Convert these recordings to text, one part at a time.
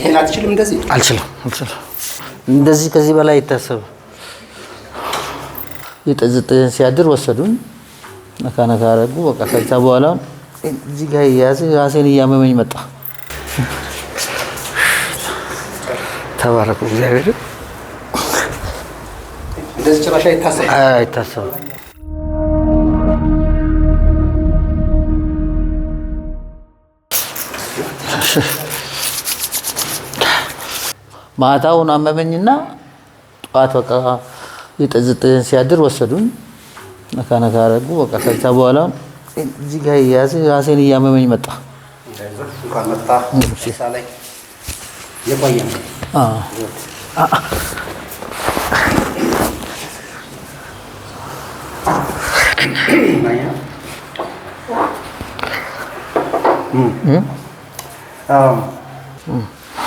ይሄን አትችልም። እንደዚህ አልችልም፣ አልችልም። እንደዚህ ከዚህ በላይ ይታሰብ። የጠዝጥህን ሲያድር ወሰዱን። ነካ ነካ አደረጉ። በቃ ከዛ በኋላ እዚህ ጋር እያያዘ ራሴን እያመመኝ መጣ። ተባረኩ እግዚአብሔር። እንደዚህ ጭራሽ ማታውን አመመኝና ጠዋት በቃ የጠዝጥህን ሲያድር ወሰዱኝ። ነካ ነካ አረጉ። በቃ ከዛ በኋላ እዚህ ጋ እያያዘ ራሴን እያመመኝ መጣ።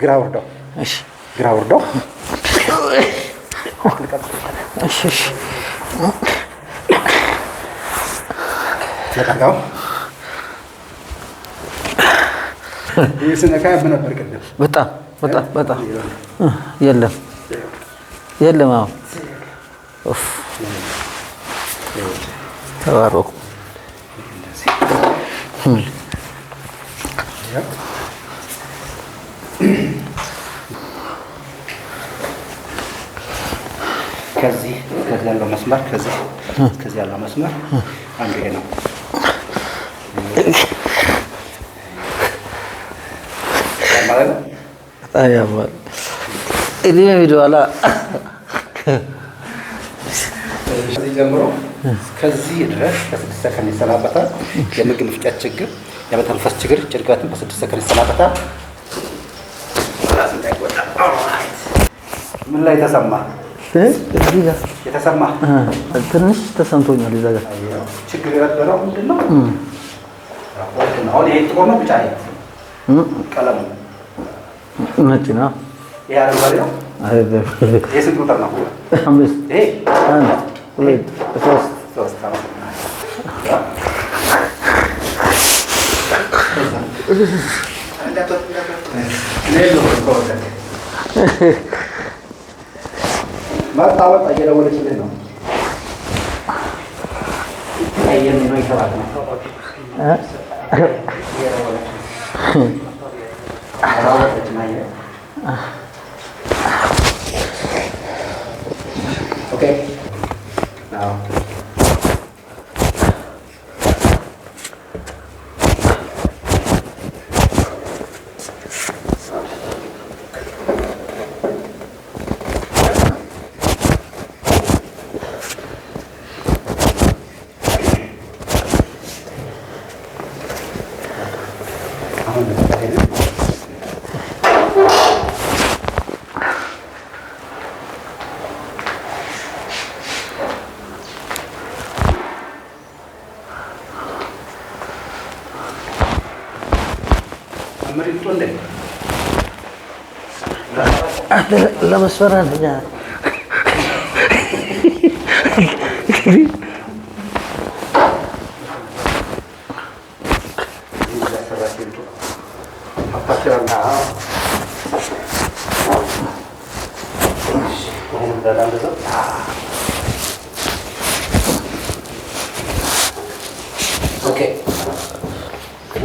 ግራ ወርደው ግራ ወርደው በጣም በጣም በጣም የለም የለም። አሁን ተባረኩ። እስከዚህ እስከዚህ ያለው መስመር ከዚህ እስከዚህ ያለው መስመር አንዱ ነው። እዚህ በቪዲዮ ኋላ ከዚህ ጀምሮ እስከዚህ ድረስ በስድስት ሰከንድ ይሰናበታል። የምግብ መፍጨት ችግር፣ የመተንፈስ ችግር ጭንቀትን በስድስት ሰከንድ ይሰናበታል። ምን ላይ ተሰማ? ትንሽ ተሰምቶኛል። እዛ ጋር ችግር የነበረው ምንድን ነው? አሁን ይሄ ጥቁር ነው፣ ብቻ ቀለሙ ነጭ ነው። ይሄ ቁጥር ነው? ማጣበቅ እየደወለችልህ ነው። ኦኬ lama suara punya Thank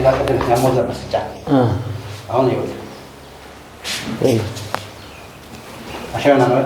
ያቀደች ያሞዝ ነበር ስጫት አሁን ይኸውልህ ጀመረ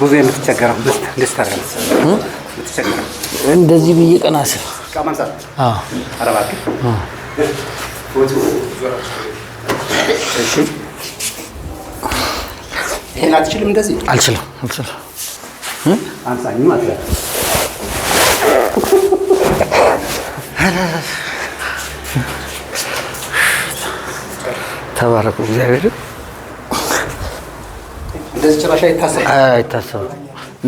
ብዙ የምትቸገረው እንደዚህ ብዬ ቀና ስል አትችልም። እንደዚህ አልችልም። ተባረቁ። እግዚአብሔር አይታሰብም፣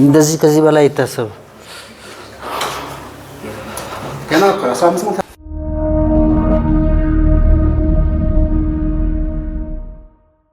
እንደዚህ ከዚህ በላይ አይታሰብም።